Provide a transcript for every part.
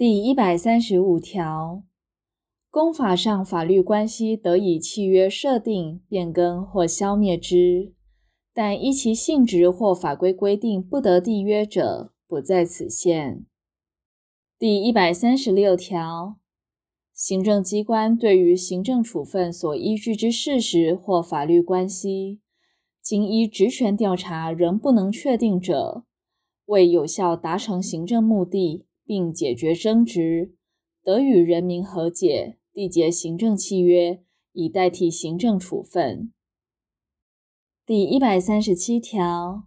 第一百三十五條，公法上法律關係得以契約設定、變更或消滅之，但依其性質或法規規定不得締約者，不在此限。第一百三十六條，行政機關對於行政處分所依據之事實或法律關係，經依職權調查仍不能確定者，為有效達成行政目的，並解決爭執，得與人民和解，締結行政契約，以代替行政處分。第一百三十七條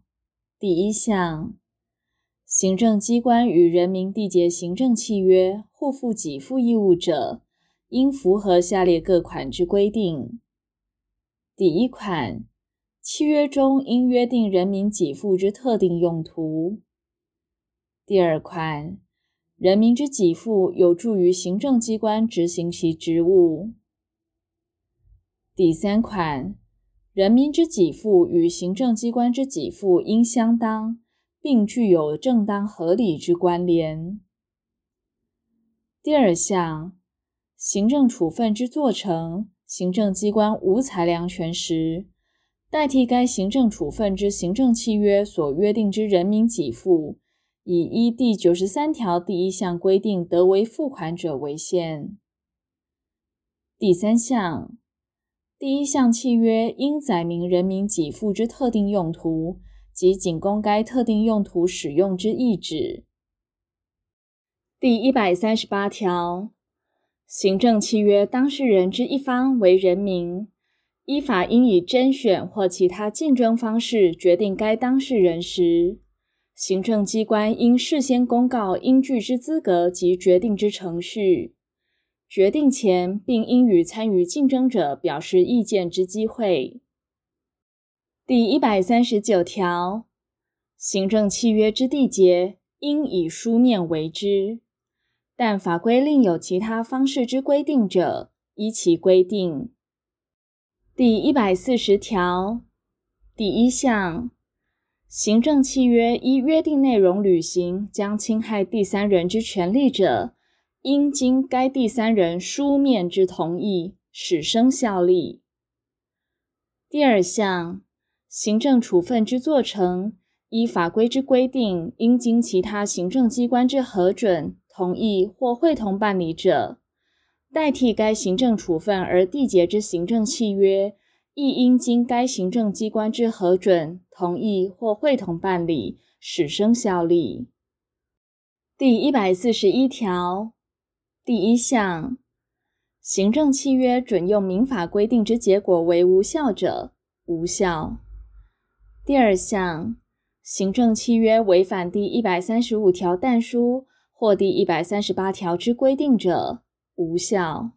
第一項，行政機關與人民締結行政契約，互負給付義務者，應符合下列各款之規定。第一款，契約中應約定人民給付之特定用途。第二款。人民之給付有助於行政機關執行其職務。第三款，人民之給付與行政機關之給付應相當，並具有正當合理之關聯。第二項，行政處分之作成，行政機關無裁量權時，代替該行政處分之行政契約所約定之人民給付，以依第九十三條第一項規定得為付款者為限。第三項，第一項契約應載明人民給付之特定用途及僅供該特定用途使用之意旨。第一百三十八條，行政契約當事人之一方為人民，依法應以甄選或其他競爭方式決定該當事人時，行政機關應事先公告應具之資格及決定之程序，決定前並應予參與競爭者表示意見之機會。第一百三十九條，行政契約之締結應以書面為之，但法規另有其他方式之規定者，依其規定。第一百四十條，第一項。行政契約依約定內容履行，將侵害第三人之權利者，應經該第三人書面之同意，始生效力。第二項，行政處分之作成，依法規之規定，應經其他行政機關之核准、同意或會同辦理者，代替該行政處分而締結之行政契約。亦應經該行政機關之核准、同意或會同辦理始生效力。第一百四十一條第一項，行政契約準用民法規定之結果為無效者，無效；第二項，行政契約違反第一百三十五條但書或第一百三十八條之規定者，無效。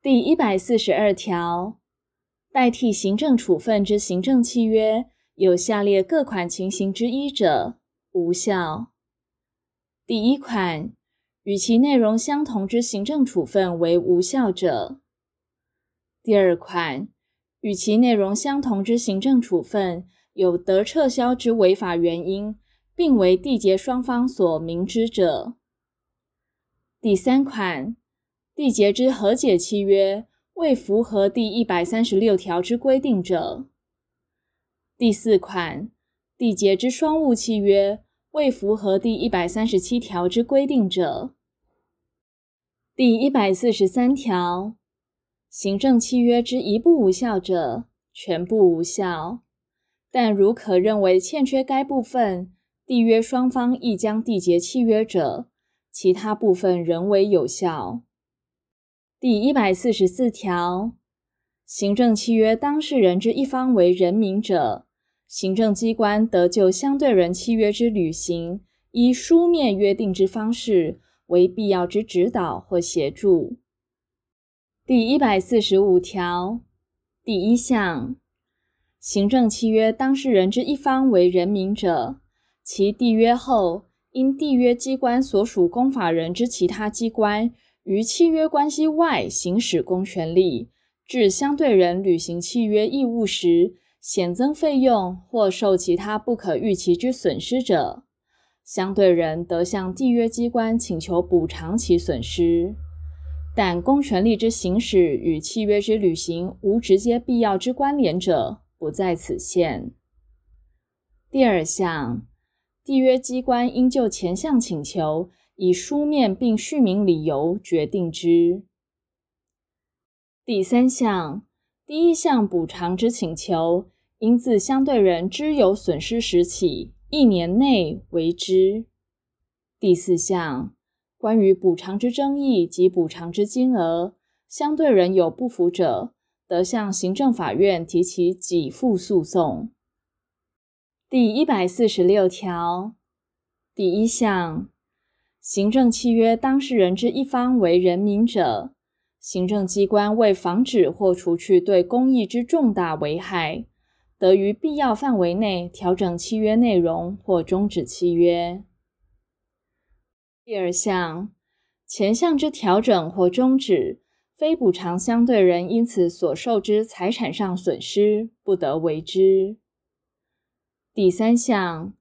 第一百四十二條，代替行政處分之行政契約，有下列各款情形之一者，無效。第一款，與其內容相同之行政處分為無效者。第二款，與其內容相同之行政處分有得撤銷之違法原因，並為締結雙方所明知者。第三款，締結之和解契約未符合第一百三十六條之規定者。第四款，締結之雙務契約未符合第一百三十七條之規定者。第一百四十三條，行政契約之一部無效者，全部無效，但如可認為欠缺該部分締約雙方亦將締結契約者，其他部分仍為有效。第一百四十四條，行政契約當事人之一方為人民者，行政機關得就相對人契約之履行，依書面約定之方式，為必要之指導或協助。第一百四十五條第一項，行政契約當事人之一方為人民者，其締約後，因締約機關所屬公法人之其他機關。於契約關係外行使公權力，致相對人履行契約義務時顯增費用或受其他不可預期之損失者，相對人得向締約機關請求補償其損失，但公權力之行使與契約之履行無直接必要之關聯者，不在此限。第二項，締約機關應就前項請求，以書面並敘明理由決定之。第三項，第一項補償之請求，應自相對人知有損失時起一年內為之。第四項，關於補償之爭議及補償之金額，相對人有不服者，得向行政法院提起給付訴訟。第一百四十六條，第一項。行政契約當事人之一方為人民者，行政機關為防止或除去對公益之重大危害，得於必要範圍內調整契約內容或終止契約。第二項，前項之調整或終止，非補償相對人因此所受之財產上損失，不得為之。第三項，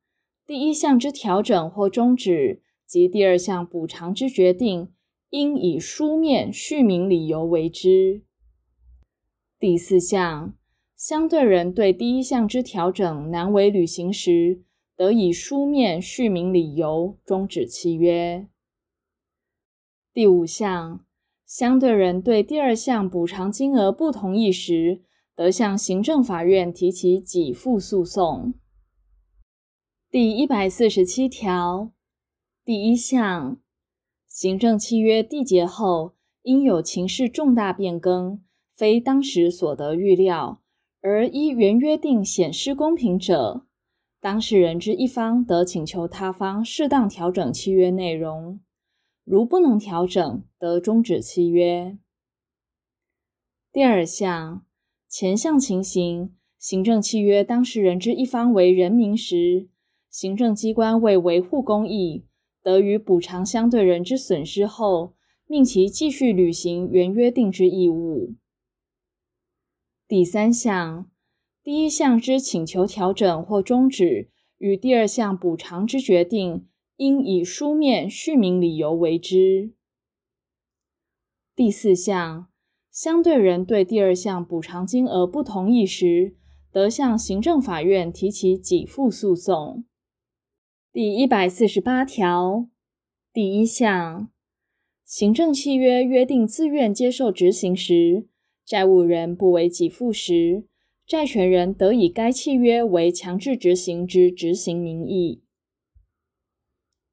第一項之調整或終止。及第二項補償之決定，應以書面敘明理由為之。第四項，相對人對第一項之調整難為履行時，得以書面敘明理由終止契約。第五項，相對人對第二項補償金額不同意時，得向行政法院提起給付訴訟。第一百四十七條。第一項，行政契約締結後，因有情事重大變更，非當時所得預料，而依原約定顯失公平者，當事人之一方得請求他方適當調整契約內容；如不能調整，得終止契約。第二項，前項情形，行政契約當事人之一方為人民時，行政機關為維護公益，得予補償相對人之損失後，命其繼續履行原約定之義務。第三項，第一項之請求調整或終止與第二項補償之決定，應以書面敘明理由為之。第四項，相對人對第二項補償金額不同意時，得向行政法院提起給付訴訟。第一百四十八條，第一項，行政契約約定自願接受執行時，債務人不為給付時，債權人得以該契約為強制執行之執行名義。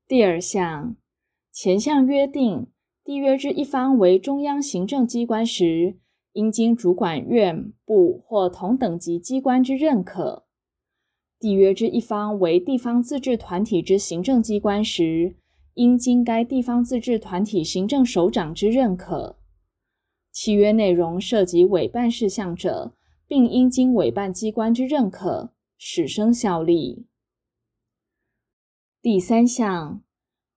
第二項，前項約定締約之一方為中央行政機關時，應經主管院部或同等級機關之認可。締約之一方為地方自治團體之行政機關時，應經該地方自治團體行政首長之認可；契約內容涉及委辦事項者，並應經委辦機關之認可，始生效力。第三項，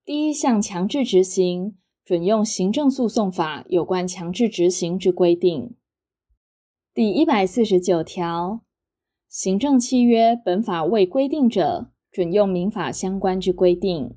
第一項強制執行，準用行政訴訟法有關強制執行之規定。第一百四十九條。行政契約，本法未規定者，準用民法相關之規定。